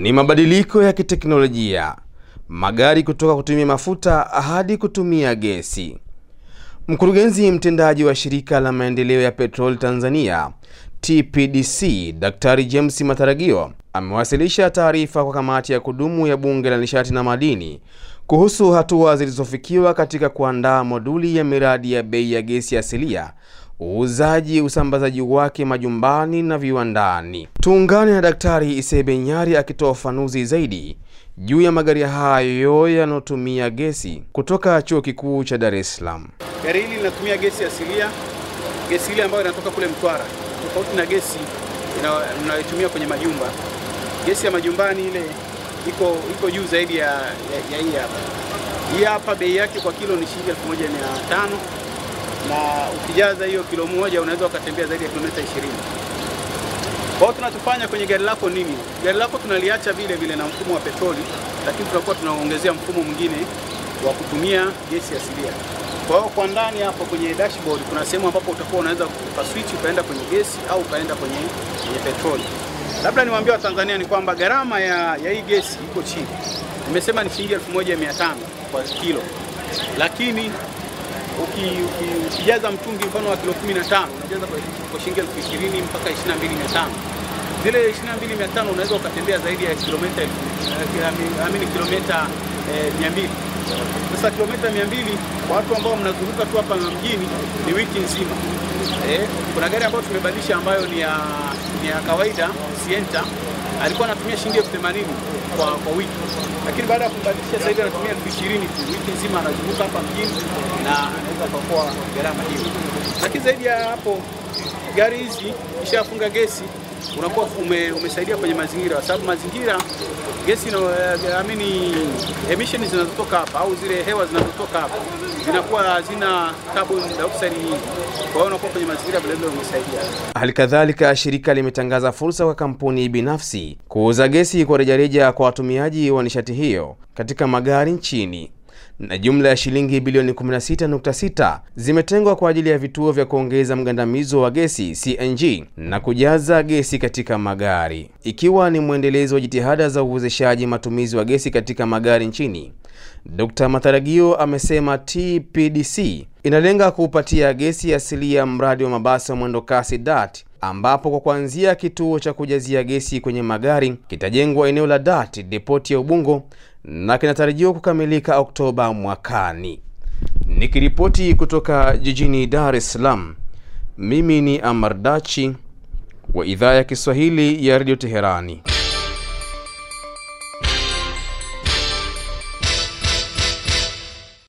Ni mabadiliko ya kiteknolojia, magari kutoka kutumia mafuta hadi kutumia gesi. Mkurugenzi mtendaji wa shirika la maendeleo ya petroli Tanzania TPDC, Daktari James Mataragio amewasilisha taarifa kwa kamati ya kudumu ya Bunge la Nishati na Madini kuhusu hatua zilizofikiwa katika kuandaa moduli ya miradi ya bei ya gesi asilia uuzaji, usambazaji wake majumbani na viwandani. Tuungane na Daktari Isebe Nyari akitoa ufafanuzi zaidi juu ya magari hayo yanayotumia gesi kutoka Chuo Kikuu cha Dar es Salaam. Gari hili linatumia gesi asilia, gesi ile ambayo inatoka kule Mtwara, tofauti na gesi inayotumia kwenye majumba. Gesi ya majumbani ile iko iko juu zaidi ya hii hapa. Hii hapa bei yake kwa kilo ni shilingi 1500 na ukijaza hiyo kilo moja unaweza ukatembea zaidi ya kilomita 20. Kwa hiyo tunachofanya kwenye gari lako nini? Gari lako tunaliacha vile vile na mfumo wa petroli, lakini tunakuwa tunaongezea mfumo mwingine wa kutumia gesi asilia. Kwa hiyo kwa ndani hapo kwenye dashboard kuna sehemu ambapo utakuwa unaweza switch ukaenda kwenye gesi au ukaenda kwenye, kwenye petroli. Labda niwaambie Watanzania ni kwamba gharama ya, ya hii gesi iko chini, nimesema ni shilingi 1500 kwa kilo, lakini ukijaza mtungi mfano wa kilo 15 unajaza kwa shilingi elfu ishirini mpaka 22,500 zile 22,500 unaweza ukatembea zaidi ya kilomita eh, amini kilomita 200 eh, Sasa kilomita 200 kwa watu ambao mnazunguka tu hapa mjini ni wiki nzima. Eh, kuna gari ambayo tumebadilisha ambayo ni ya, ni ya kawaida Sienta alikuwa anatumia shilingi elfu themanini kwa, kwa wiki, lakini baada ya kumbadilisha sasa hivi anatumia elfu ishirini tu wiki nzima, anazunguka hapa mjini na anaweza kuokoa gharama hiyo. Lakini zaidi ya hapo, gari hizi ishafunga gesi unakuwa ume, umesaidia kwenye mazingira, kwa sababu mazingira gesi eh, no, amini emission zinazotoka hapa au zile hewa zinazotoka hapa zinakuwa hazina carbon dioxide nyingi, kwa hiyo unakuwa kwenye mazingira vile vile umesaidia. Halikadhalika, shirika limetangaza fursa kwa kampuni binafsi kuuza gesi kwa rejareja kwa watumiaji wa nishati hiyo katika magari nchini na jumla ya shilingi bilioni 16.6 zimetengwa kwa ajili ya vituo vya kuongeza mgandamizo wa gesi CNG na kujaza gesi katika magari, ikiwa ni mwendelezo wa jitihada za uwezeshaji matumizi wa gesi katika magari nchini. Dkt. Mataragio amesema TPDC inalenga kuupatia gesi asilia mradi wa mabasi wa mwendokasi DART ambapo kwa kuanzia kituo cha kujazia gesi kwenye magari kitajengwa eneo la dat depoti ya Ubungo na kinatarajiwa kukamilika Oktoba mwakani. Nikiripoti kutoka jijini Dar es Salaam, mimi ni Amar Dachi wa idhaa ya Kiswahili ya Radio Teherani.